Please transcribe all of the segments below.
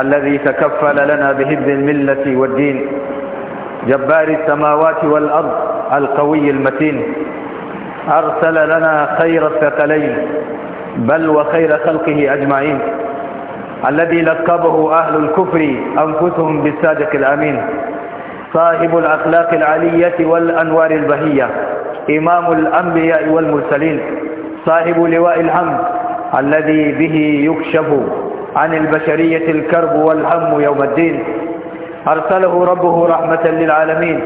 الذي تكفل لنا بهب الملة والدين جبار السماوات والأرض القوي المتين أرسل لنا خير الثقلين بل وخير خلقه أجمعين الذي لقبه أهل الكفر أنفسهم بالصادق الأمين صاحب الأخلاق العلية والأنوار البهية إمام الأنبياء والمرسلين صاحب لواء الحمد الذي به يكشف عن البشرية الكرب والهم يوم الدين أرسله ربه رحمة للعالمين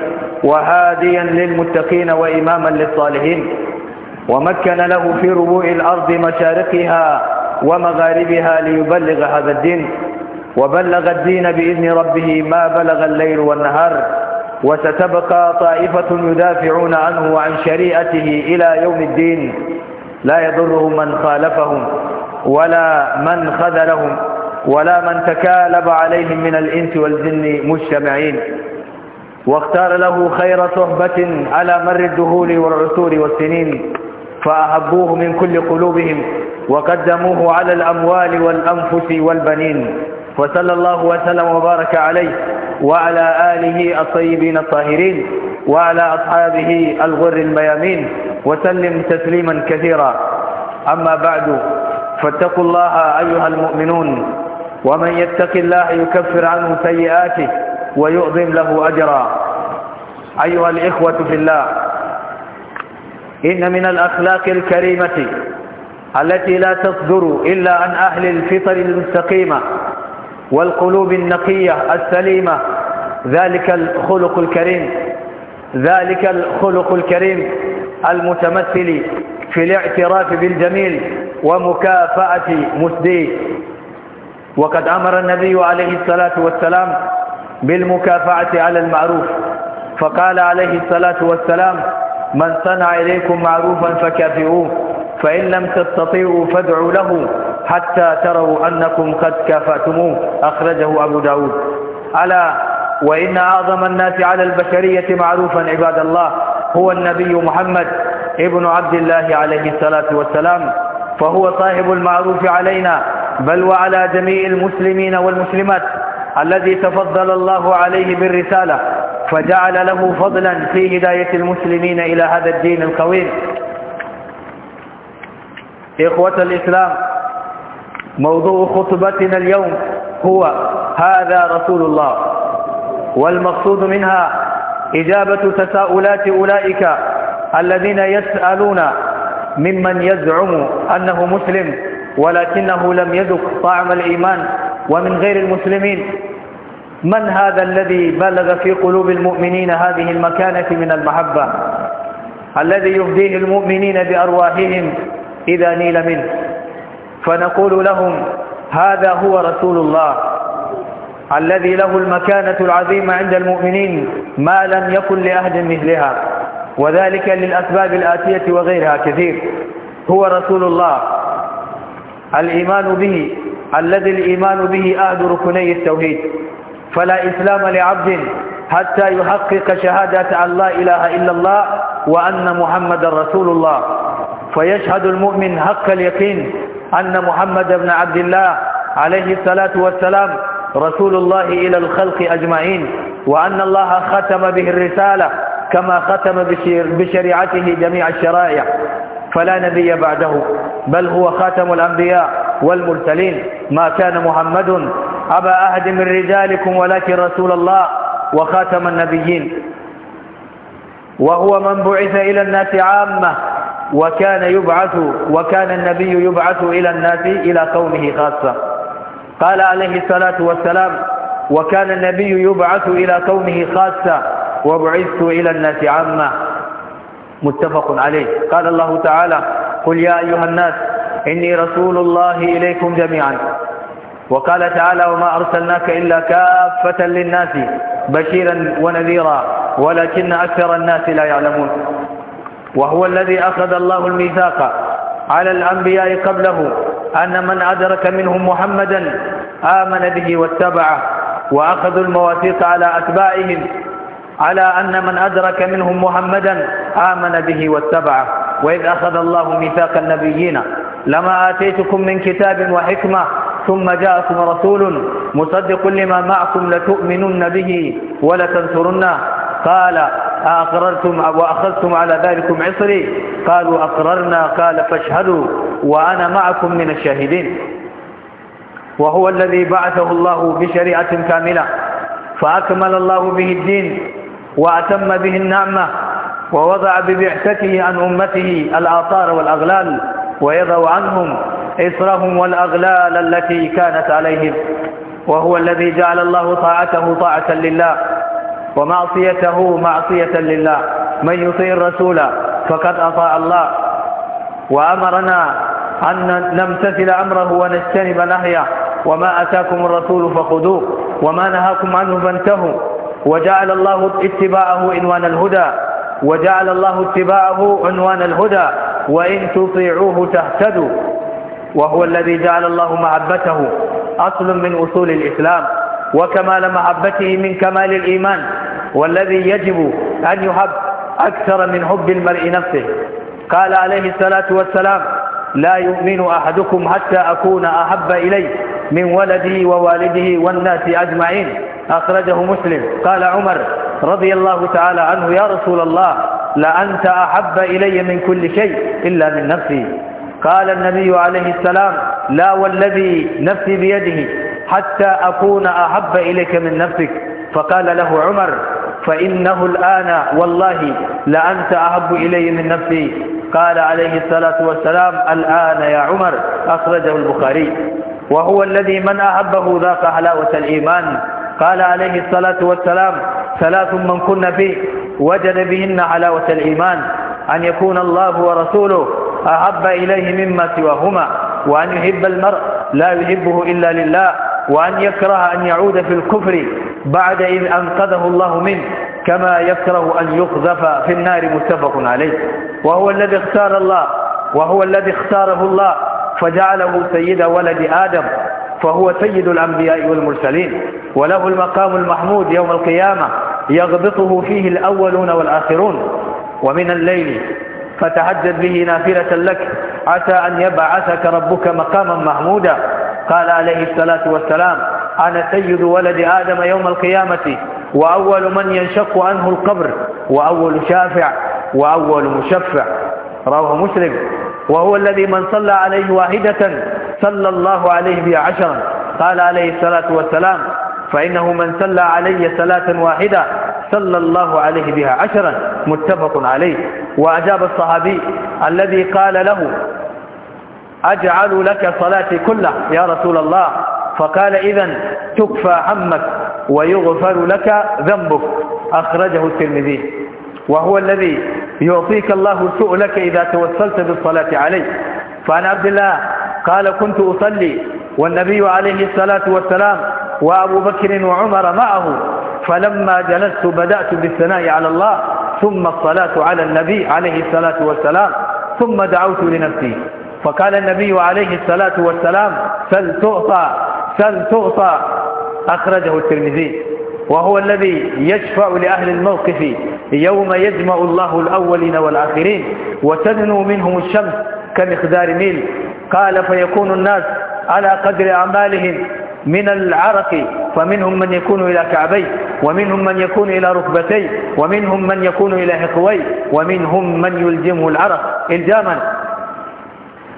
وهاديا للمتقين وإماما للصالحين ومكن له في ربوع الأرض مشارقها ومغاربها ليبلغ هذا الدين وبلغ الدين بإذن ربه ما بلغ الليل والنهار وستبقى طائفة يدافعون عنه وعن شريعته إلى يوم الدين لا يضرهم من خالفهم ولا من خذلهم ولا من تكالب عليهم من الإنس والجن مجتمعين واختار له خير صحبة على مر الدهور والعصور والسنين فأحبوه من كل قلوبهم وقدموه على الأموال والأنفس والبنين وصلى الله وسلم وبارك عليه وعلى آله الطيبين الطاهرين وعلى أصحابه الغر الميامين وسلم تسليما كثيرا أما بعد فاتقوا الله أيها المؤمنون ومن يتق الله يكفر عنه سيئاته ويعظم له أجرا أيها الإخوة في الله إن من الأخلاق الكريمة التي لا تصدر إلا عن أهل الفطر المستقيمة والقلوب النقية السليمة ذلك الخلق الكريم ذلك الخلق الكريم المتمثل في الاعتراف بالجميل ومكافأة مسديه وقد أمر النبي عليه الصلاة والسلام بالمكافأة على المعروف فقال عليه الصلاة والسلام من صنع إليكم معروفا فكافئوه فإن لم تستطيعوا فادعوا له حتى تروا أنكم قد كافأتموه أخرجه أبو داود ألا وإن أعظم الناس على البشرية معروفا عباد الله هو النبي محمد ابن عبد الله عليه الصلاة والسلام فهو صاحب المعروف علينا بل وعلى جميع المسلمين والمسلمات الذي تفضل الله عليه بالرسالة فجعل له فضلا في هداية المسلمين إلى هذا الدين القويم إخوة الإسلام موضوع خطبتنا اليوم هو هذا رسول الله والمقصود منها إجابة تساؤلات أولئك الذين يسألون ممن يزعم أنه مسلم ولكنه لم يذق طعم الإيمان ومن غير المسلمين من هذا الذي بلغ في قلوب المؤمنين هذه المكانة من المحبة الذي يفديه المؤمنين بأرواحهم إذا نيل منه فنقول لهم هذا هو رسول الله الذي له المكانة العظيمة عند المؤمنين ما لم يكن لأهد مثلها وذلك للأسباب الآتية وغيرها كثير هو رسول الله الإيمان به الذي الإيمان به أهد ركني التوحيد فلا إسلام لعبد حتى يحقق شهادة أن لا إله إلا الله وأن محمد رسول الله فيشهد المؤمن حق اليقين أن محمد بن عبد الله عليه الصلاة والسلام رسول الله إلى الخلق أجمعين وأن الله ختم به الرسالة كما ختم بشريعته جميع الشرائع فلا نبي بعده بل هو خاتم الأنبياء والمرسلين ما كان محمد أبا أحد من رجالكم ولكن رسول الله وخاتم النبيين وهو من بعث إلى الناس عامة وكان يبعث وكان النبي يبعث إلى الناس إلى قومه خاصة قال عليه الصلاة والسلام وكان النبي يبعث إلى قومه خاصة وبعثت إلى الناس عامة متفق عليه قال الله تعالى قل يا أيها الناس إني رسول الله إليكم جميعا وقال تعالى وما أرسلناك إلا كافة للناس بشيرا ونذيرا ولكن أكثر الناس لا يعلمون وهو الذي أخذ الله الميثاق على الأنبياء قبله أن من أدرك منهم محمدا آمن به واتبعه وأخذوا المواثيق على أتباعهم على أن من أدرك منهم محمدا آمن به واتبعه وإذ أخذ الله ميثاق النبيين لما آتيتكم من كتاب وحكمة ثم جاءكم رسول مصدق لما معكم لتؤمنن به ولتنصرنه قال أقررتم وأخذتم على ذلكم عصري قالوا أقررنا قال فاشهدوا وأنا معكم من الشاهدين وهو الذي بعثه الله بشريعة كاملة فأكمل الله به الدين وأتم به النعمة ووضع ببعثته عن أمته الآثار والأغلال ويضع عنهم إسرهم والأغلال التي كانت عليهم وهو الذي جعل الله طاعته طاعة لله ومعصيته معصية لله من يطيع الرسول فقد أطاع الله وأمرنا أن نمتثل أمره ونجتنب نهيه وما أتاكم الرسول فخذوه وما نهاكم عنه فانتهوا وجعل الله اتباعه عنوان الهدى وجعل الله اتباعه عنوان الهدى وإن تطيعوه تهتدوا وهو الذي جعل الله محبته أصل من أصول الإسلام وكمال محبته من كمال الإيمان والذي يجب أن يحب أكثر من حب المرء نفسه قال عليه الصلاة والسلام لا يؤمن أحدكم حتى أكون أحب إليه من ولده ووالده والناس أجمعين أخرجه مسلم قال عمر رضي الله تعالى عنه يا رسول الله لأنت أحب إلي من كل شيء إلا من نفسي قال النبي عليه السلام لا والذي نفسي بيده حتى أكون أحب إليك من نفسك فقال له عمر فإنه الآن والله لأنت أحب إلي من نفسي قال عليه الصلاة والسلام الآن يا عمر أخرجه البخاري وهو الذي من أحبه ذاق حلاوة الإيمان قال عليه الصلاة والسلام ثلاث من كن فيه وجد بهن حلاوة الإيمان أن يكون الله ورسوله أحب إليه مما سواهما وأن يحب المرء لا يحبه إلا لله وأن يكره أن يعود في الكفر بعد إذ أنقذه الله منه كما يكره أن يقذف في النار متفق عليه وهو الذي اختار الله وهو الذي اختاره الله فجعله سيد ولد آدم فهو سيد الأنبياء والمرسلين وله المقام المحمود يوم القيامة يغبطه فيه الأولون والآخرون ومن الليل فتهجد به نافلة لك عسى أن يبعثك ربك مقاما محمودا قال عليه الصلاة والسلام أنا سيد ولد آدم يوم القيامة وأول من ينشق عنه القبر وأول شافع وأول مشفع رواه مسلم وهو الذي من صلى عليه واحدة صلى الله عليه بها عشرا قال عليه الصلاة والسلام فإنه من صلى علي صلاة واحدة صلى الله عليه بها عشرا متفق عليه وأجاب الصحابي الذي قال له أجعل لك صلاتي كلها يا رسول الله فقال إذا تكفى عمك ويغفر لك ذنبك أخرجه الترمذي وهو الذي يعطيك الله سؤلك إذا توسلت بالصلاة عليه فعن عبد الله قال كنت أصلي والنبي عليه الصلاة والسلام وأبو بكر وعمر معه فلما جلست بدأت بالثناء على الله ثم الصلاة على النبي عليه الصلاة والسلام ثم دعوت لنفسي فقال النبي عليه الصلاة والسلام سل تؤطى سل تؤطى أخرجه الترمذي وهو الذي يشفع لأهل الموقف يوم يجمع الله الأولين والآخرين وتدنو منهم الشمس كمقدار ميل قال فيكون الناس على قدر أعمالهم من العرق فمنهم من يكون إلى كعبيه ومنهم من يكون إلى ركبتيه ومنهم من يكون إلى حقويه ومنهم من يلجمه العرق إلجاما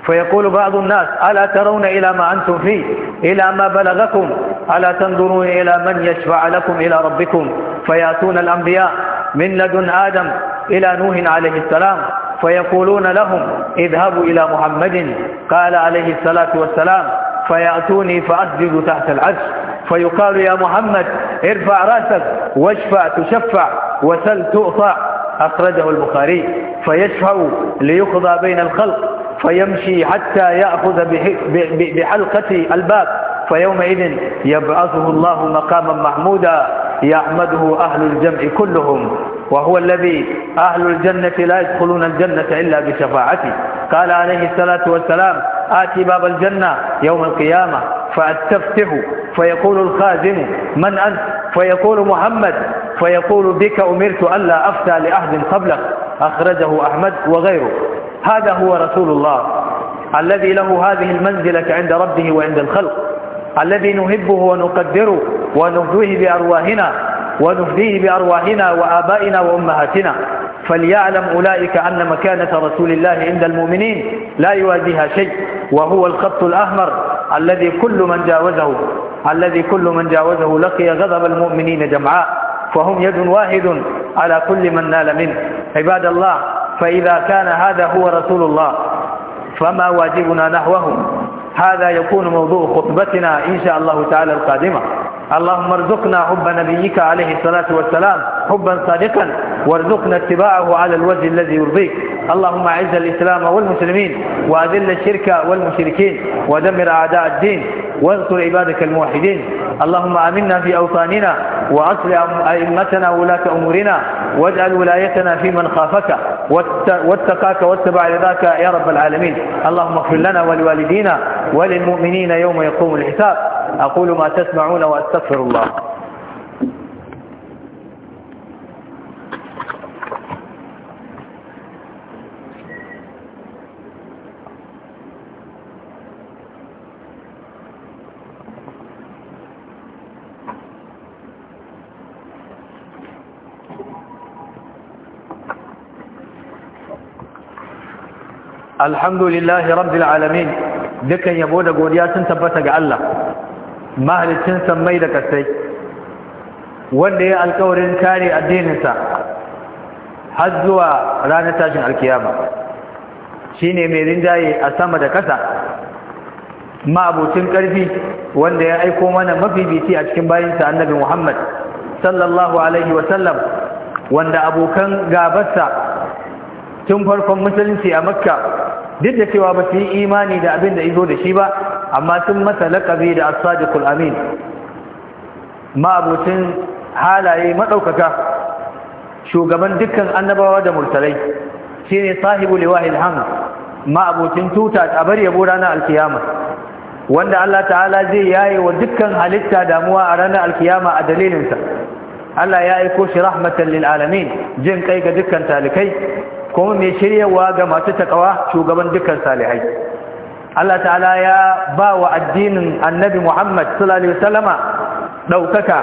فيقول بعض الناس ألا ترون إلى ما أنتم فيه إلى ما بلغكم ألا تنظرون إلى من يشفع لكم إلى ربكم فيأتون الأنبياء من لدن آدم إلى نوح عليه السلام فيقولون لهم اذهبوا إلى محمد قال عليه الصلاة والسلام فيأتوني فأسجد تحت العرش فيقال يا محمد ارفع رأسك واشفع تشفع وسل تؤطع أخرجه البخاري فيشفع ليقضى بين الخلق فيمشي حتى يأخذ بحلقة الباب فيومئذ يبعثه الله مقاما محمودا يحمده أهل الجمع كلهم وهو الذي أهل الجنة لا يدخلون الجنة إلا بشفاعته قال عليه الصلاة والسلام آتي باب الجنة يوم القيامة فأستفتح فيقول الخازن من أنت فيقول محمد فيقول بك أمرت ألا أفتى لأحد قبلك أخرجه أحمد وغيره هذا هو رسول الله الذي له هذه المنزلة عند ربه وعند الخلق الذي نهبه ونقدره ونفديه بأرواحنا ونفديه بأرواحنا وآبائنا وأمهاتنا فليعلم أولئك أن مكانة رسول الله عند المؤمنين لا يوازيها شيء وهو الخط الأحمر الذي كل من جاوزه الذي كل من جاوزه لقي غضب المؤمنين جمعاء فهم يد واحد على كل من نال منه عباد الله فإذا كان هذا هو رسول الله فما واجبنا نحوه هذا يكون موضوع خطبتنا إن شاء الله تعالى القادمة اللهم ارزقنا حب نبيك عليه الصلاة والسلام حبا صادقا وارزقنا اتباعه على الوجه الذي يرضيك اللهم اعز الإسلام والمسلمين وأذل الشرك والمشركين ودمر أعداء الدين وانصر عبادك الموحدين اللهم امنا في اوطاننا وأصل ائمتنا ولاة امورنا واجعل ولايتنا في من خافك واتقاك واتبع رضاك يا رب العالمين اللهم اغفر لنا ولوالدينا وللمؤمنين يوم يقوم الحساب أقول ما تسمعون وأستغفر الله الحمد لله رب العالمين ذكا يبودا قوديا سنتبتا قال الله mahalicin sammai da kasai wanda ya alkawarin kare addininsa har zuwa ranar tashin alkiyama Shi ne mai rinjaye a sama da kasa ma'abucin ƙarfi wanda ya aiko mana mafi bici a cikin bayansa annabi Muhammad sallallahu alaihi wasallam wanda abokan gabarsa tun farkon musulunci a makka duk da cewa ba su yi imani da abin da izo da shi ba amma sun masa laƙabi da as-sadiqul amin ma'abucin halaye maɗaukaka shugaban dukkan annabawa da murtalai shine sahibu liwahil hamd ma'abucin tuta a bar yabo ranar alkiyama wanda Allah ta'ala zai yaye wa dukkan halitta damuwa a ranar alkiyama a dalilinsa Allah ya aiko shi rahmatan lil alamin jin kai ga dukkan talikai kuma mai shiryawa ga masu takawa shugaban dukkan salihai Allah ta'ala ya ba wa addinin annabi Muhammad sallallahu alaihi wasallama daukaka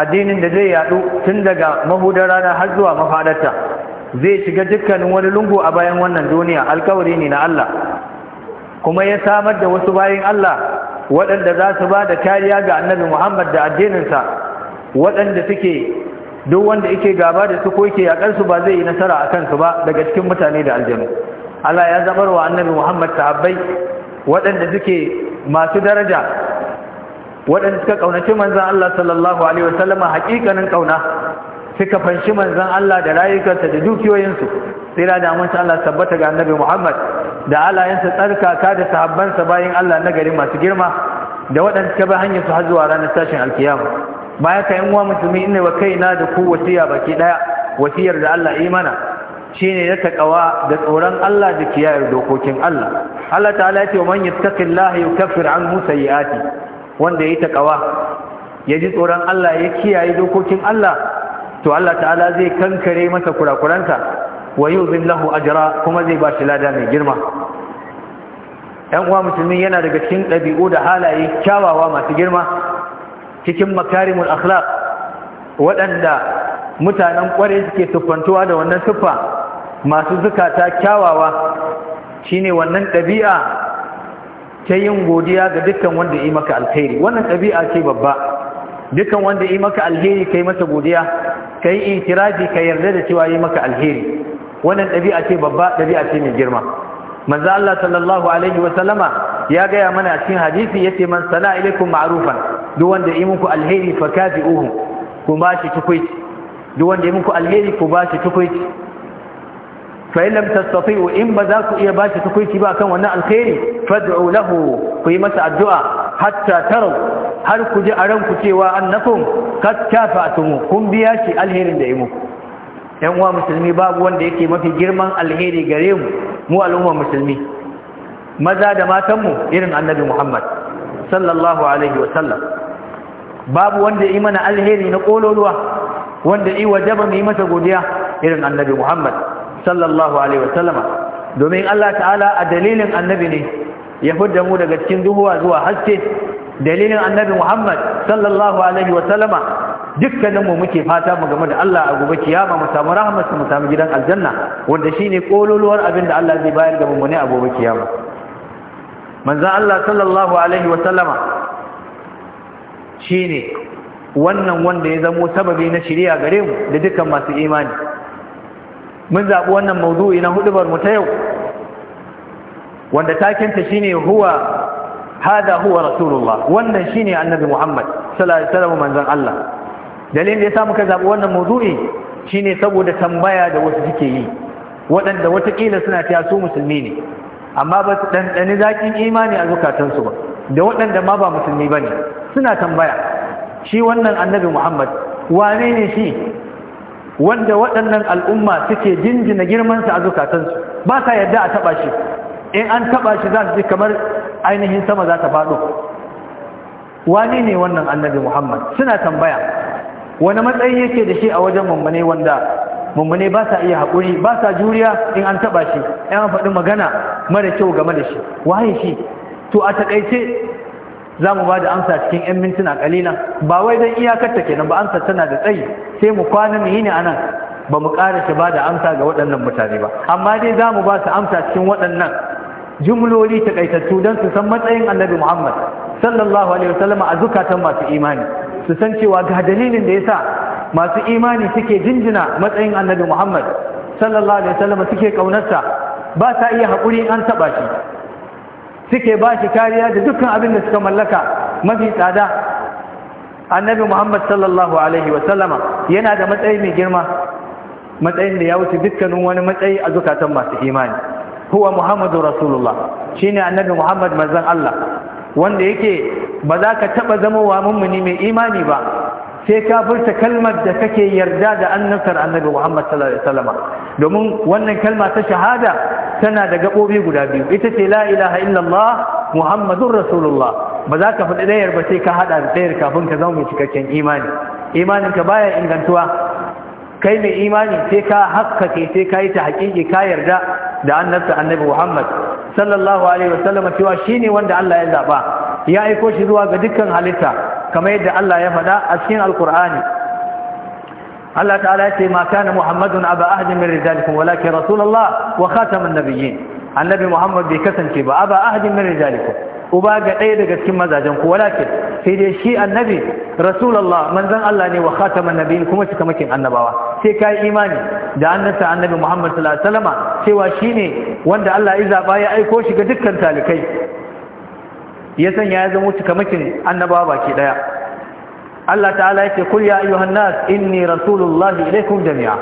addinin da zai yadu tun daga mahudar rana har zuwa mafadarta zai shiga dukkanin wani lungu a bayan wannan duniya alkawari ne na Allah kuma ya samar da wasu bayan Allah waɗanda za su ba da kariya ga annabi Muhammad da addininsa waɗanda suke duk wanda yake gaba da su ko yake yakar ba zai yi nasara akan su ba daga cikin mutane da aljanu Allah ya zabar wa annabi Muhammad sahabbai waɗanda suke masu daraja waɗanda suka kaunaci manzan Allah sallallahu alaihi wasallama hakikanin kauna suka fanshi manzan Allah da rayukansa da dukiyoyinsu tsira da amince Allah tabbata ga annabi Muhammad da alayensa tsarkaka da sahabbansa bayan Allah na gari masu girma da waɗanda suka bi hanyar su har zuwa ranar tashin alkiyama baya ka yan uwa musulmi inna wa kaina da ku wasiya baki daya wasiyar da Allah imana shine na takawa da tsoron Allah da kiyayar dokokin Allah Allah ta'ala ya ce man yattaqillaha yukaffir yi ati. wanda yayi takawa ya ji tsoron Allah ya kiyaye dokokin Allah to Allah ta'ala zai kankare masa kurakuransa wa yuzim lahu ajra kuma zai ba shi lada mai girma yan uwa musulmi yana daga cikin ɗabi'u da halaye kyawawa masu girma cikin makarimul akhlaq waɗanda mutanen ƙwarai suke siffantuwa da wannan siffa masu zukata kyawawa shine wannan ɗabi'a ta yin godiya ga dukkan wanda yi maka alheri wannan ɗabi'a ce babba dukkan wanda yi maka alheri kai masa godiya kai itiraji ka yarda da cewa yi maka alheri wannan ɗabi'a ce babba ɗabi'a ce mai girma manzo Allah sallallahu alaihi wa sallama ya gaya mana a cikin hadisi yace man sana ilaikum ma'rufan duk wanda yi muku alheri fa kafi'uhu ku bashi shi tukuici duk wanda yi muku alheri ku bashi shi tukuici fa in lam in ba za ku iya ba shi takuici ba kan wannan alheri, fad'u lahu ku yi masa addu'a hatta taru har ku ji a ranku cewa annakum kad kafa'tum kun biya shi alherin da ya muku yan uwa musulmi babu wanda yake mafi girman alheri gare mu mu al'umma musulmi maza da matanmu irin annabi Muhammad sallallahu alaihi wa sallam babu wanda yi mana alheri na kololuwa wanda yi wajaba mu yi masa godiya irin annabi Muhammad sallallahu alaihi wasallama domin Allah ta'ala a dalilin annabi ne ya fudda mu daga cikin duhuwa zuwa haske dalilin annabi Muhammad sallallahu alaihi wasallama dukkanin mu muke fata mu game da Allah a gobe kiyama mu samu rahmat mu samu gidan aljanna wanda shine kololuwar abin da Allah zai bayar ga mu ne a gobe kiyama manzo Allah sallallahu alaihi wasallama shine wannan wanda ya zamo sababi na shari'a gare mu da dukkan masu imani mun zaɓi wannan maudu'i na hudubar mu ta yau wanda takinta ne huwa haɗa huwa rasulullah wannan ne annabi muhammad sallallahu alaihi Allah dalilin da yasa muka zaɓi wannan maudu'i ne saboda tambaya da wasu suke yi waɗanda watakila suna cewa su musulmi ne amma ba su ɗanɗani zaƙin imani a zukatansu ba da waɗanda ma ba musulmi ba ne suna tambaya shi wannan annabi muhammad wane ne shi wanda waɗannan al'umma suke jinjina girmansa a zukatansu ba sa yadda a taɓa shi in an taɓa shi za su ji kamar ainihin sama za ta faɗo wani ne wannan annabi muhammad suna tambaya wani matsayi yake da shi a wajen mummune wanda mummune ba sa iya haƙuri ba sa juriya in an taɓa shi yan faɗi magana mara kyau game da shi waye shi to a taƙaice za mu ba da amsa cikin 'yan mintuna kalilan ba wai don iyakarta kenan ba amsa tana da tsayi sai mu kwana mu yi ne a nan ba mu ƙara shi ba da amsa ga waɗannan mutane ba amma dai za mu ba su amsa cikin waɗannan jumloli takaitattu don su san matsayin annabi muhammad sallallahu alaihi wasallam a zukatan masu imani su san cewa ga dalilin da ya sa masu imani suke jinjina matsayin annabi muhammad sallallahu alaihi wasallam suke kaunarsa ba ta iya haƙuri an taɓa shi suke ba shi kariya da dukkan abin da suka mallaka mafi tsada annabi muhammad sallallahu alaihi wasallama yana da matsayi mai girma matsayin da ya wuce dukkanin wani matsayi a zukatan masu imani huwa muhammadu rasulullah shine annabi muhammad manzon allah wanda yake ba za ka taɓa zamowa mummuni mai imani ba sai ka furta kalmar da kake yarda da annabtar annabi Muhammad sallallahu alaihi wasallam domin wannan kalma ta shahada tana da gabobi guda biyu ita ce la ilaha illallah muhammadur rasulullah ba za ka faɗi ɗayar ba sai ka haɗa da ɗayar kafin ka zama mai cikakken imani imanin ka baya ingantuwa kai mai imani sai ka hakkake sai ka yi ta haƙiƙi ka yarda da annabta annabi Muhammad sallallahu alaihi wasallam cewa shine wanda Allah ya zaba ya aiko shi zuwa ga dukkan halitta kamar yadda Allah ya faɗa a cikin alkur'ani Allah ta'ala ya ce ma kana muhammadun aba ahadin min rijalikum walakin rasulullah wa khataman nabiyyin annabi muhammad bai kasance ba aba ahadin min rijalikum uba ga ɗaya daga cikin mazajen ku walakin sai dai shi annabi rasulullah manzon Allah ne wa khataman nabiyyin kuma cikamakin annabawa sai kai imani da annabta annabi Muhammad sallallahu alaihi wasallama cewa shine wanda Allah ya zaba ya aiko shi ga dukkan talikai ya sanya ya zama cikamakin annabawa baki daya Allah ta'ala yake kul ya ayyuhan nas inni rasulullahi ilaikum jami'a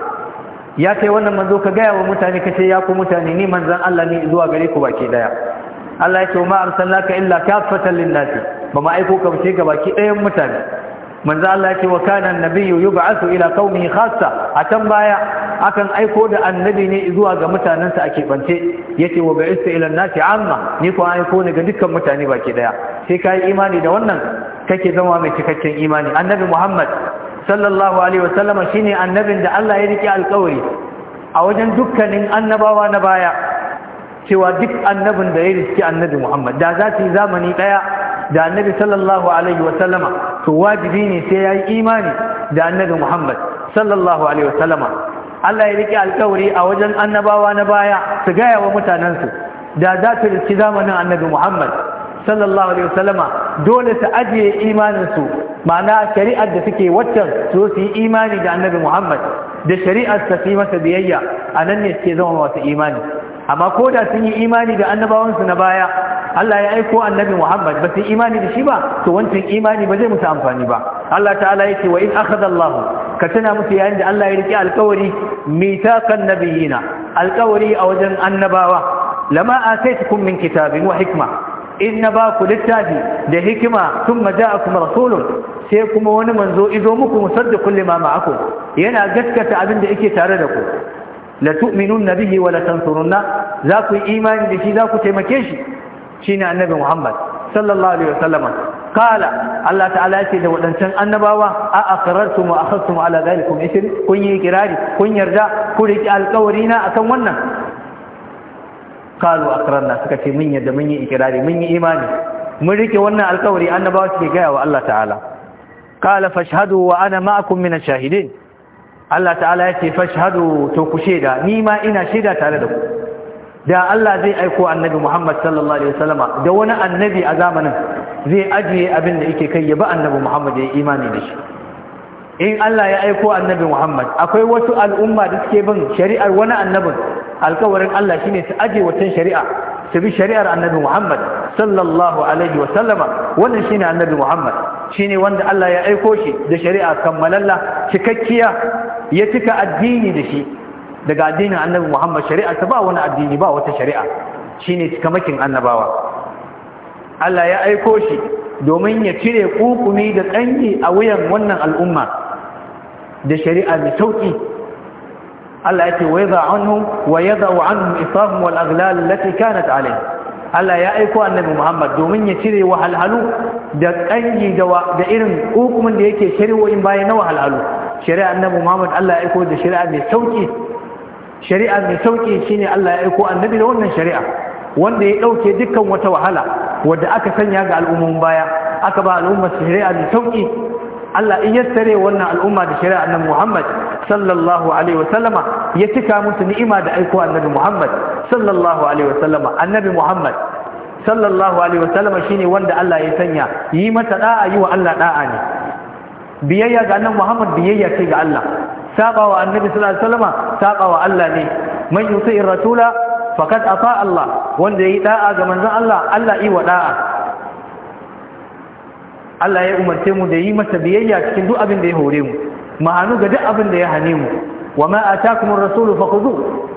ya kai wannan manzo ka gaya wa mutane ka ce ya ku mutane ni manzan Allah ne zuwa gare ku baki daya Allah ya ce ma arsalnaka illa kaffatan lin-nas ba ma aiko ka bace ga baki ɗayan mutane manzo Allah ya ce wa kana annabiyyu yub'athu ila qaumihi khassa a can baya akan aiko da annabi ne zuwa ga mutanansa a bance yace wa ba'ithu ila an-nasi amma ni ko aiko ne ga dukkan mutane baki daya sai kai imani da wannan kake zama mai cikakken imani annabi Muhammad sallallahu alaihi wasallama shine annabin da Allah ya rike alƙawari a wajen dukkanin annabawa na baya cewa duk annabin da ya riski annabi Muhammad da za su yi zamani ɗaya da annabi sallallahu alaihi wasallama to wajibi ne sai ya yi imani da annabi Muhammad sallallahu alaihi wasallama Allah ya riƙe alkawari a wajen annabawa na baya su gaya wa mutanensu da za su riski zamanin annabi Muhammad sallallahu alaihi wasallama dole su ajiye imaninsu ma'ana shari'ar da suke waccan su su yi imani da annabi Muhammad da shari'ar ta fi masa biyayya a nan ne suke zama masu imani amma ko da sun yi imani da annabawansu na baya Allah ya aiko annabi Muhammad ba sun imani da shi ba to wancan imani ba zai musu amfani ba Allah ta'ala yake wa in akhadha Allah ka tana musu yayin da Allah ya rike alƙawari mitaqan nabiyina alƙawari a wajen annabawa lama ataitukum min kitabin wa hikma in na ba ku littafi da hikima thumma ja'akum rasulun sai kuma wani manzo izo muku musaddiqul lima ma'akum yana gaskata abin da yake tare da ku la tu'minunna bihi wa la tansurunna za ku yi imani da shi za ku taimake shi shine annabi Muhammad sallallahu alaihi wasallam kala Allah ta'ala yake da wadancan annabawa a aqrartum wa akhadtum ala dhalikum isri kun yi kirari kun yarda ku riki alƙawari na akan wannan kalu aqrarna suka ce mun yarda mun yi ikirari mun yi imani mun rike wannan alƙawari annabawa suke gaya wa Allah ta'ala kala fashhadu wa ana ma'akum min ash-shahidin Allah ta'ala ya ce fashhadu to ku sheda ni ma ina sheda tare da ku da Allah zai aiko annabi Muhammad sallallahu alaihi wasallama da wani annabi a zamanin zai ajiye abin da yake kai ya ba annabi Muhammad ya imani da shi in Allah ya aiko annabi Muhammad akwai wasu al'umma da suke bin shari'ar wani annabin alkawarin Allah shine su aje watan shari'a su bi shari'ar annabi Muhammad sallallahu alaihi wa sallama wannan shine annabi Muhammad shine wanda Allah ya aiko shi da shari'a kammalalla cikakkiya ya cika addini da shi daga addinin annabi Muhammad shari'a ta ba wani addini ba wata shari'a shine cikamakin annabawa Allah ya aiko shi domin ya cire kukumi da tsangi a wuyan wannan al'umma da shari'a mai sauƙi. Allah yake wa yadha anhum wa yadha'u anhum isahum wal aghlal allati kanat alayhi Allah ya aiko annabi Muhammad domin ya cire wahalhalu da kangi da irin kukumin da yake shari'o'in bayan na wahalhalu shari'a annabi Muhammad Allah ya aiko da shari'a mai sauƙi. shari'a mai sauki shine Allah ya aiko annabi da wannan shari'a wanda ya ɗauke dukkan wata wahala wadda aka sanya ga al'umman baya aka ba al'ummar shari'a da sauƙi Allah in yassare wannan al'umma da shari'a annabi Muhammad sallallahu alaihi wa sallama ya cika musu ni'ima da aiko annabi Muhammad sallallahu alaihi wa sallama annabi Muhammad sallallahu alaihi wa sallama shine wanda Allah ya sanya yi mata da'a yi wa Allah da'a ne biyayya ga annabi Muhammad biyayya ce ga Allah sabawa wa annabi sallallahu alaihi wa sallama sabawa wa Allah ne man yuti rasula fakat ata Allah wanda yi da'a ga manzon Allah Allah yi wa da'a Allah ya umarce mu da yi masa biyayya cikin duk abin da ya hore mu ma'anu ga duk abin da ya hane mu wa ma atakumur rasul fakhudhu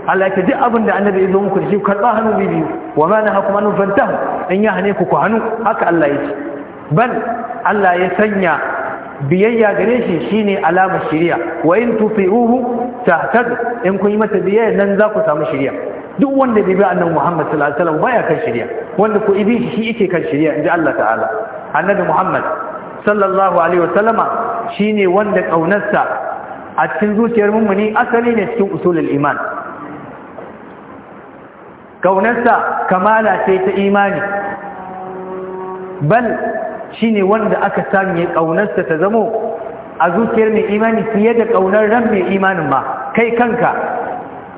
Allah ke duk abin da annabi ya zo muku da shi karba hannu bibi Wama nahakum an fantahu in ya hane ku ku hannu haka Allah ya ce bal Allah ya sanya biyayya gare shi shine alamar shari'a wa in tufi'uhu tahtad in kun yi mata biyayya nan za ku samu shari'a duk wanda bai bi annabi Muhammad sallallahu alaihi wasallam baya kan shari'a wanda ko ibi shi yake kan shari'a inji Allah ta'ala annabi Muhammad sallallahu alaihi wasallama shine wanda kaunarsa a cikin zuciyar mummuni asali ne cikin usulul iman kaunarsa kamala ce ta imani bal shine wanda aka sanya kaunarsa ta zamo a zuciyar mai imani fiye da kaunar ran mai imanin ma kai kanka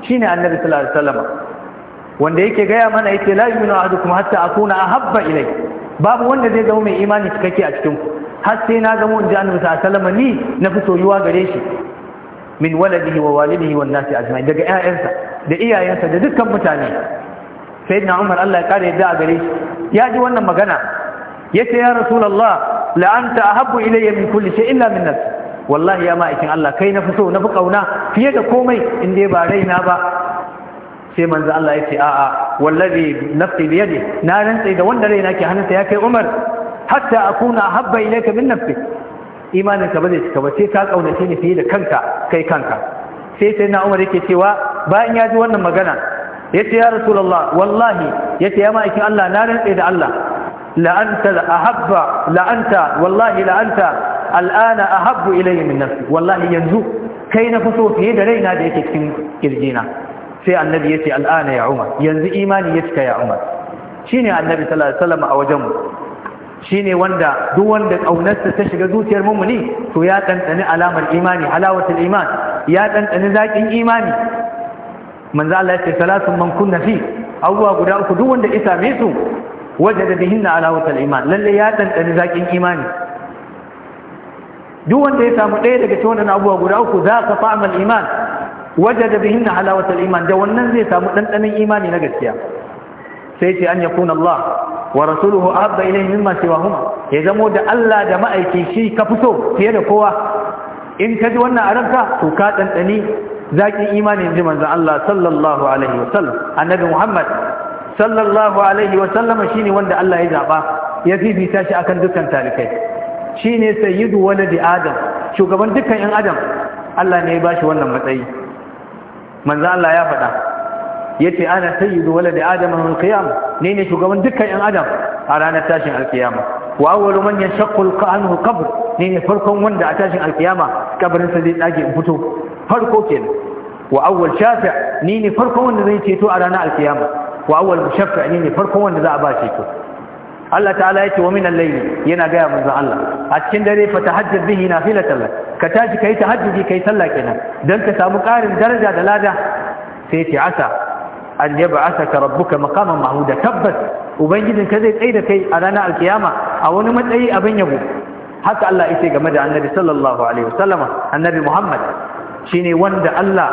shine annabi sallallahu alaihi wasallama wanda yake gaya mana yake la yu'minu ahadukum hatta akuna ahabba ilai babu wanda zai zama mai imani cikakke a cikin har sai na zama inji annabi sallallahu ni na fi soyuwa gare shi min waladihi wa walidihi wan nasi ajma'in daga ƴaƴansa da iyayensa da dukkan mutane sayyidina Umar Allah ya kare yadda a gare shi ya ji wannan magana yace ya rasulullah la anta ahabbu ilayya min kulli shay illa min nafsi wallahi ya ma'aikin Allah kai na fi so na fi kauna fiye da komai in dai ba raina ba sai manzo Allah ya ce a'a wallazi nafsi bi yadi na rantsa da wanda raina ke hannunsa ya kai Umar hatta akuna habba ilayka min nafsi imanin ka bazai cika ba sai ka kaunace ni fiye da kanka kai kanka sai sai na Umar yake cewa bayan ya ji wannan magana yace ya rasulullah wallahi yace ya ma'aikin Allah na rantsa da Allah la anta ahabba la anta wallahi la anta al'ana ahabbu ilayya min nafsi wallahi yanzu kai na fito fiye da raina da yake cikin kirjina sai annabi ya ce al'ana ya umar yanzu imani ya cika ya umar shi ne annabi salama a wajen mu. shi ne wanda duk wanda ƙaunarsa ta shiga zuciyar mummuni to ya ɗanɗani alamar imani halawatul iman ya ɗanɗani zaƙin imani manzo Allah ya ce salatun man kunna fi abubuwa guda uku duk wanda isa me su wajada bihinna alawatul iman lalle ya ɗanɗani zaƙin imani duk wanda ya samu ɗaya daga cewa na abubuwa guda uku za ka fa'amal iman wajada na halawatul iman da wannan zai samu dandanan imani na gaskiya sai ce an yakuna Allah wa rasuluhu ahabba ilayhi mimma siwahuma ya zamo da Allah da ma'aiki shi ka fito fiye da kowa in ka ji wannan a ranka to ka dandani zaki imani ji manzo Allah sallallahu alaihi wasallam annabi Muhammad sallallahu alaihi wasallam shine wanda Allah ya zaba ya fifita shi akan dukkan talikai shine sayyidu waladi adam shugaban dukkan yan adam Allah ne ya bashi wannan matsayi manzo Allah ya faɗa yace ana sayyidu waladi adama min qiyam ne ne shugaban dukkan yan adam a ranar tashin alkiyama wa awwalu man yashaqqu anhu qabr ne ne farkon wanda a tashin alkiyama kabarin sa zai dage in fito farko kenan wa awwal shafi' ne ne farkon wanda zai ceto a ranar alkiyama wa awwal mushaffi' ne ne farkon wanda za a ba ceto Allah ta'ala yake wa minan layli yana ga manzo Allah a cikin dare fa tahajjud bihi nafilatan ka tashi kai tahajjudi kai sallah kenan dan ka samu karin daraja da lada sai ce asa an yab'athaka rabbuka maqaman Mahuda, tabbas ubangijin ka zai tsaida kai a ranar alkiyama a wani matsayi abin yabo haka Allah yake game da annabi sallallahu alaihi wasallama annabi Muhammad shine wanda Allah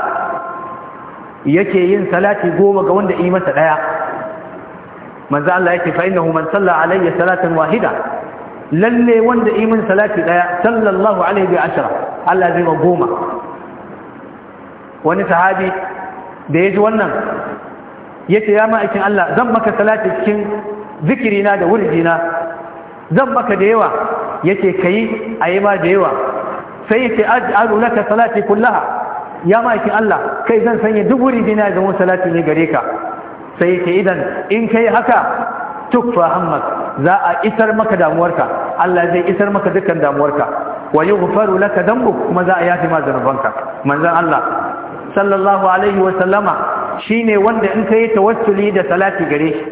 yake yin salati goma ga wanda yi masa daya manzo Allah yake fa innahu man salla alayya salatan wahida lalle wanda imin salati daya sallallahu alayhi bi ashra Allah zai goma wani sahabi da yaji wannan yace ya ma'aikin Allah zan maka salati cikin zikirina da wurdina zan maka da yawa yace kai ayi ma da yawa sai yace aj'alu laka salati kullaha ya ma'aikin Allah kai zan sanya duk wurdina ga salati ne gare ka sai ta idan in ka yi haka tukfa hammak za a isar maka damuwarka Allah zai isar maka dukkan damuwarka wa yughfaru laka dhanbuk kuma za a yafi ma zanubanka manzon Allah sallallahu alaihi wa sallama shi ne wanda in ka yi tawassuli da salati gare shi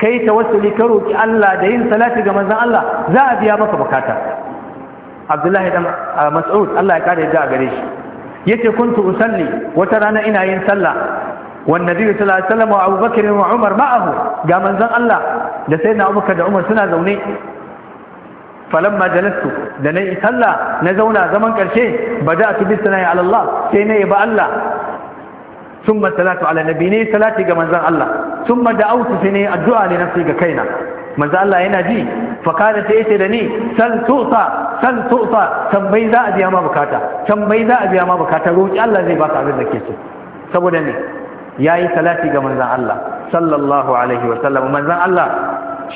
ka yi tawassuli ka roƙi Allah da yin salati ga manzan Allah za a biya maka bukata Abdullahi dan ah, Mas'ud Allah ya kare da gare shi yace kuntu usalli wata rana ina yin sallah والنبي صلى الله عليه وسلم وابو بكر وعمر معه جاء من زن الله ده سيدنا ابو بكر وعمر سنا زوني فلما جلست دني صلى نزونا زمن كرشي بدات بالثناء على الله سينا يبا الله ثم الصلاه على النبي ني صلاتي جاء من زن الله ثم دعوت سني الدعاء لنفسي كينا من زن الله هنا جي فقالت ايتي دني سل تعطى سل تعطى تنبي ذا ابي ما بكاتا تنبي ذا ابي ما بكاتا روقي الله زي باك ابن دكيسو saboda ne Ya yi salati ga manzan Allah sallallahu alaihi wa manzan Allah Allah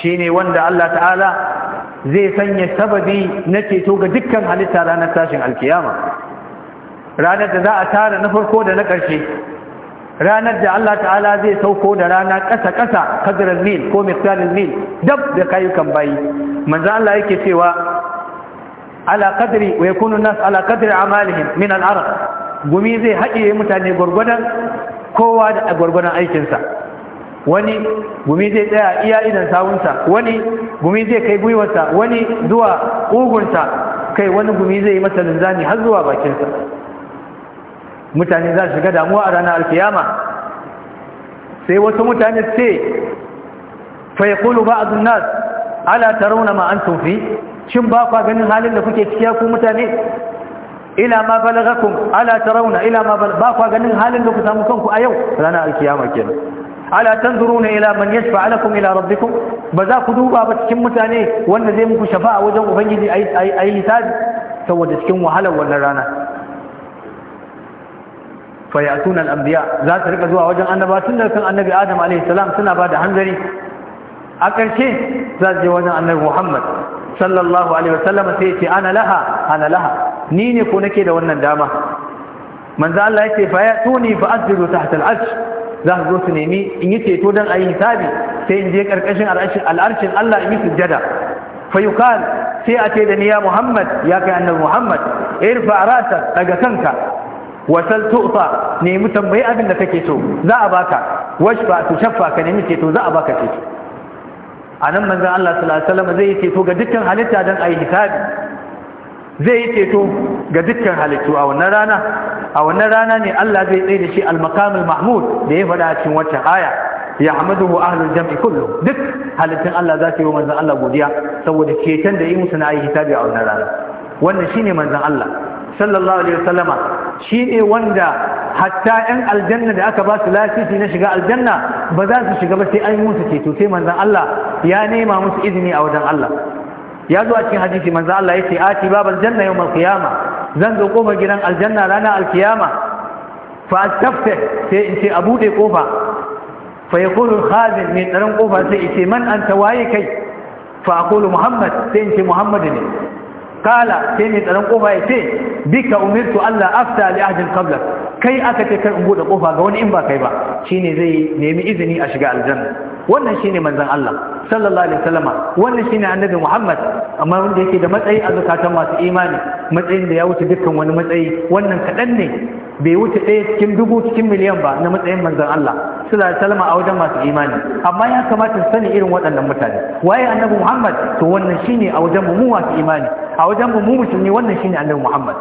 ne wanda Allah ta'ala zai sanya sababi na ceto ga dukkan halitta ranar tashin alkiyama ranar da za a tara na farko da na ƙarshe ranar da Allah ta'ala zai sauko da rana ƙasa-ƙasa kadirar nil ko miktarin nil dab da kayukan bayi manzan Allah yake cewa ala kadiri wa yakunu nas ala kadiri amalihim min al gumi zai haƙiye mutane gwargwadon kowa da gwargwadon aikinsa wani gumi zai tsaya iya idan sawunsa wani gumi zai kai gwiwarsa wani zuwa ƙugunsa kai wani gumi zai yi masa linzami har zuwa bakinsa mutane za su shiga damuwa a ranar alkiyama sai wasu mutane ce fayakulu ba a zunas ala tarauna ma an tufi shin ba kwa ganin halin da kuke cikiya ku mutane ila ma balagakum ala tarawna ila ma bal ba kwa ganin halin da ku samu kanku a yau ranar alkiyama kenan ala tanzuruna ila man yashfa lakum ila rabbikum ba za ku duba ba cikin mutane wanda zai muku shafa'a wajen ubangiji ayi hisabi saboda cikin wahalar wannan rana fa ya'tuna al-anbiya za su rika zuwa wajen annaba tun daga kan annabi adam alaihi salam suna ba da hanzari a ƙarshe za su je wajen annabi muhammad sallallahu alaihi wasallam sai ce ana laha ana laha ni ne ko nake da wannan dama manzo Allah yace fa ya tuni fa asjudu tahta al-arsh za su zo su nemi in yi ceto dan ayi hisabi sai in je karkashin al'arshin Allah in yi sujjada fa yuqal sai a ce da ni ya Muhammad ya kai annabi Muhammad irfa ra'sak daga kanka wasal tu'ta nemi tambayi abin da kake so za a baka washfa tushaffa ka nemi ceto za a baka ceto anan manzon Allah sallallahu alaihi wasallam zai ceto ga dukkan halitta dan ayi hisabi zai yi ceto ga dukkan halittu a wannan rana a wannan rana ne Allah zai tsaye da shi al-maqamul mahmud da ya faɗa a cikin wata aya ya hamaduhu ahlul jam'i kullu duk halittun Allah za su yi manzon Allah godiya saboda ceton da yi musu na ayi hisabi a wannan rana wannan shine manzon Allah sallallahu alaihi wasallama ne wanda hatta yan aljanna da aka ba su lasisi na shiga aljanna ba za su shiga ba sai an yi musu ceto sai manzon Allah ya nema musu izini a wajen Allah ya zo a cikin hadisi manzo Allah yace ati babal janna yawmal qiyama zan zo kofar gidan aljanna rana alkiyama fa astaftah sai in ce a bude kofa fa yaqulu khazin min daren kofa sai in ce man anta waye kai fa aqulu muhammad sai in ce muhammad ne kala sai mai tsaron kofa ya ce bika umirtu Allah afta li ahdin qablak kai aka ce kar in bude kofa ga wani in ba kai ba shine zai nemi izini a shiga aljanna wannan shine manzon Allah sallallahu alaihi wasallama wannan shine annabi Muhammad amma wanda yake da matsayi a zakatan masu imani matsayin da ya wuce dukkan wani matsayi wannan kadan ne bai wuce ɗaya cikin dubu cikin miliyan ba na matsayin manzon Allah sallallahu alaihi wasallama a wajen masu imani amma ya kamata su sani irin waɗannan mutane waye annabi Muhammad to wannan shine a wajen mu masu imani a wajen mu musulmi wannan shine annabi Muhammad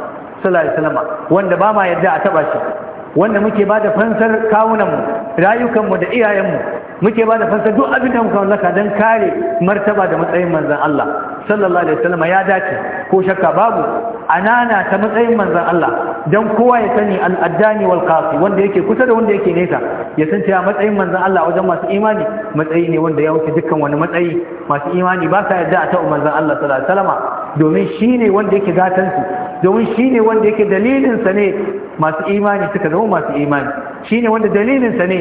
sallallahu alaihi wasallama wanda ba ma yadda a taba shi wanda muke ba da fansar kawunanmu rayukanmu da iyayenmu muke ba da fansar duk abin da muka mallaka don kare martaba da matsayin manzan Allah sallallahu alaihi wasallam ya dace ko shakka babu anana ta matsayin manzan Allah don kowa ya sani al'addani wal qafi wanda yake kusa da wanda yake nesa ya san cewa matsayin manzan Allah wajen masu imani matsayi ne wanda ya wuce dukkan wani matsayi masu imani ba sa yadda a ta'u manzan Allah sallallahu alaihi wasallam domin shine wanda yake gatansu domin shi ne wanda yake dalilinsa ne masu imani suka zama masu imani shi ne wanda dalilinsa ne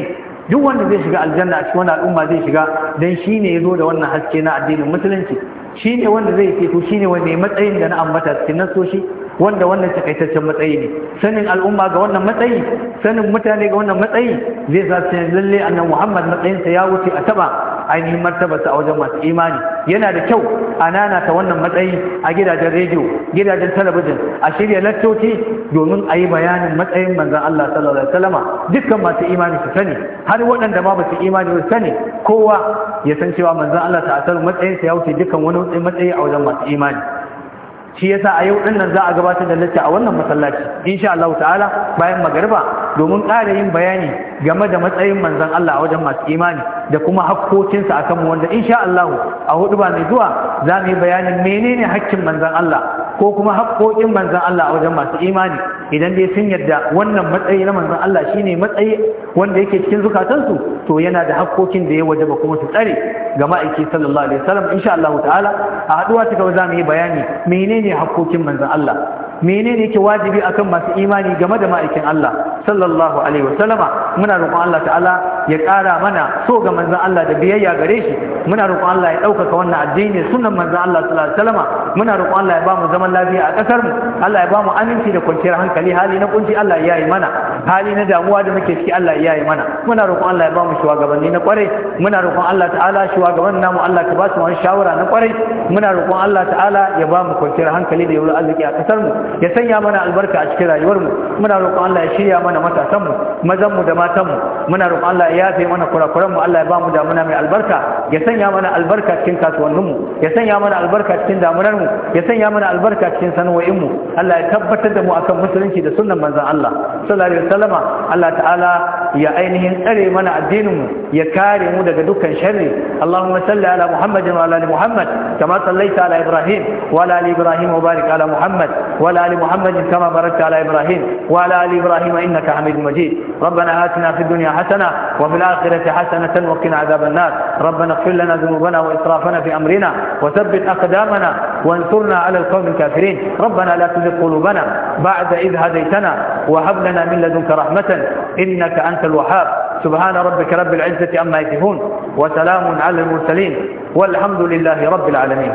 duk wanda zai shiga aljanna a cikin wani al'umma zai shiga don shi ne ya zo da wannan haske na addinin musulunci shi ne wanda zai ceto shi ne wanda ya matsayin da na ambata cikin nasoshi wanda wannan takaitaccen matsayi ne sanin al'umma ga wannan matsayi sanin mutane ga wannan matsayi zai sa su lalle annabi muhammad matsayinsa ya wuce a taba ainihin martabarsa a wajen masu imani yana da kyau a nanata wannan matsayi a gidajen rediyo gidajen talabijin a shirya lattoci domin a yi bayanin matsayin manzon allah sallallahu alaihi wasallama dukkan masu imani su sani har waɗanda ma ba su imani su sani kowa ya san cewa manzon allah ta'ala matsayinsa ya wuce dukkan wani matsayi a wajen masu imani shi yasa a yau dinnan za a gabatar da lacca a wannan masallaci insha Allah ta'ala bayan magariba domin ƙara yin bayani game da matsayin manzon Allah a wajen masu imani da kuma hakkokinsa akan mu wanda insha Allah a hudu ba mai zuwa za mu yi bayanin menene hakkin manzon Allah ko kuma hakkokin manzon Allah a wajen masu imani idan dai sun yarda wannan matsayi na manzon Allah shine matsayi wanda yake cikin zukatansu to yana da hakkokin da ya ba kuma su tsare ga ma'aiki sallallahu alaihi wasallam insha Allah ta'ala a haduwa ta gaba za mu yi bayani menene hakkokin manzon Allah Mene ne yake wajibi akan masu imani game da ma'aikin Allah sallallahu alaihi wasallama muna roƙon Allah ta'ala ya ƙara mana so ga manzon Allah da biyayya gare shi muna roƙon Allah ya ɗaukaka wannan addini sunan manzon Allah sallallahu alaihi wasallama muna roƙon Allah ya ba mu zaman lafiya a ƙasar mu Allah ya ba mu aminci da kwanciyar hankali hali na kunci Allah ya yi mana hali na damuwa da muke ciki Allah ya yi mana muna roƙon Allah ya ba mu shugabanni na ƙwarai? muna roƙon Allah ta'ala shugabannin namu Allah ka ba su wani shawara na kwarai muna roƙon Allah ta'ala ya ba mu kwanciyar hankali da yawan arziki a ƙasar mu ya sanya mana albarka a cikin rayuwar mu muna roƙon Allah ya shirya mana matasanmu mazanmu da matanmu muna roƙon Allah ya yafe mana kurakuran mu Allah ya ba mu damuna mai albarka ya sanya mana albarka cikin kasuwannin ya sanya mana albarka cikin damunar mu ya sanya mana albarka cikin sanoyin mu Allah ya tabbatar da mu akan musulunci da sunnan manzon Allah sallallahu alaihi wasallama Allah ta'ala ya ainihin tsare mana addinin mu ya kare mu daga dukkan sharri Allahumma salli ala Muhammadin wa ala Muhammad kama sallaita ala Ibrahim wa ala Ibrahim wa barik ala Muhammad وعلى آل محمد كما باركت على إبراهيم وعلى آل إبراهيم إنك حميد مجيد ربنا آتنا في الدنيا حسنة وفي الآخرة حسنة وقنا عذاب النار ربنا اغفر لنا ذنوبنا وإسرافنا في أمرنا وثبت أقدامنا وانصرنا على القوم الكافرين ربنا لا تزغ قلوبنا بعد إذ هديتنا وهب لنا من لدنك رحمة إنك أنت الوهاب سبحان ربك رب العزة عما يصفون وسلام على المرسلين والحمد لله رب العالمين